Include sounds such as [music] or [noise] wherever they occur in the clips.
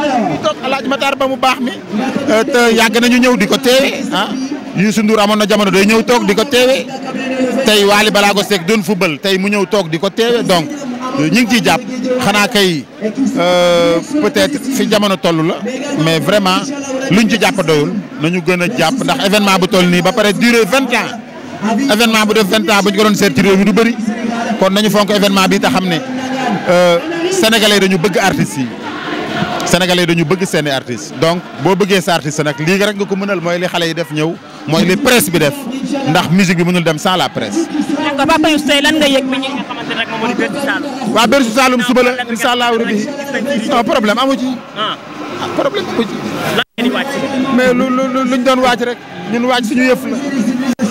ñu toog alaaj Matar ba mu baax mi te yàgg nañu ñëw di ko teewe ah Youssou Ndour amoon na jamono day ñëw toog di ko teewe tey Waly Balago Seck doon football tey mu ñëw toog di ko teewe donc ñu ngi ciy jàpp xanaa kay euh, peut-être fi jamono toll la mais vraiment luñ ci jàpp doyul nañu gën a jàpp ndax événement bu toll nii ba pare duré vingt ans événement bu def vingt ans bu ñu ko doon seet ci réew mi du bëri kon nañu fonk événement bi te xam ne euh, sénégalais dañu bëgg artistes yi. sénégalais dañu bëgg seeni artiste donc boo bëggee sa artiste nag lii rek nga ko mënal mooy li xale yi def ñëw mooy li presse bi def ndax musique bi mënul dem sans la presse. d'accord Papa Youssou tey lan nga yëg bi ñi nga xamante problème amu ci. Ah. Ah, mais amu ci. mais lu lu luñ doon waaj rek ñun waaj suñu yëf la.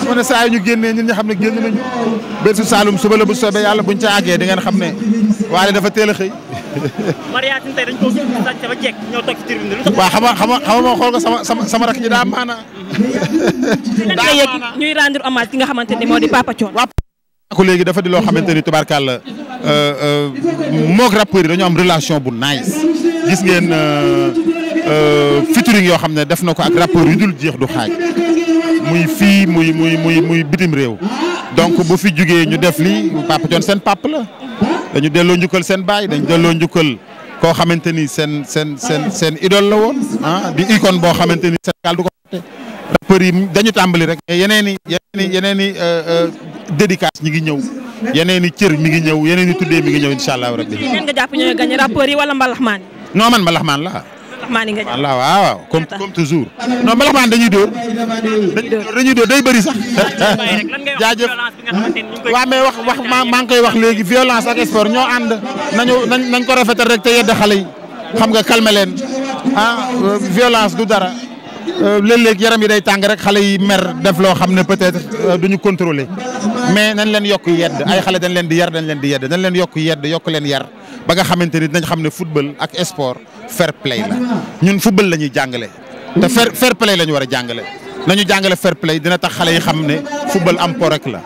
mu ne saa yu ñu génnee ñun ñu xam ne génn nañu su Saloum suba la bu soobee yàlla buñ ca àggee di ngeen xam ne waaye dafa teel a xëy. Mariatine tey dañ xool ko sama sama sama rakk ji daa maana. daa maana ñuy rendre hommage ki nga xamante ne moo di Papa Thione. waaw ko léegi dafa di loo xamante ni tubaarkàlla euh, euh, moog rappeurs yi am relation bu nice gis ngeen euh, featuring yoo xam ne def na ko ak rappeurs yu dul jeex du xaaj. muy fii muy muy muy muy bitim réew donc bu fi jugee ñu def lii Papa Thione seen pap la dañu delloo njukkal seen baay dañu delloo njukkal koo xamante ni seen seen seen seen idole la woon ah di icône boo xamante ni Sénégal du ko fàtte rappeurs yi dañu tàmbali rek mais yeneen i yeneen i yeneen i euh, euh, dédicace ñi ngi ñëw yeneen i cër mi ngi ñëw yeneen i tuddee mi ngi ñëw incha allah rabbi. nan man mbalaxmaan la Melaxmaan yi nga jàpp. waaw waaw comme comme toujours. non Melaxmaan dañuy dóor. dañuy dóor day bëri sax. [laughs] jaajëf waaw mais wax wax maa maa ngi koy wax léegi violence ak sport ñoo ànd nañu nañ ko rafetal rek te yedd xale yi xam nga calmer leen ah euh, violence du dara. Euh, léeg-léeg yaram yi day tàng rek xale yi mer def loo xam ne peut-être euh, duñu contrôler mais nañ leen yokk yedd ay xale dañ leen di yar dañ leen di yedd dañ leen yokk yedd yokk leen yar ba nga xamante ni dinañ xam ne football ak sport fair play la ñun football la ñuy jàngale te fair fair play la ñu war a jàngale nañu jàngale fair play dina tax xale yi xam ne football am po la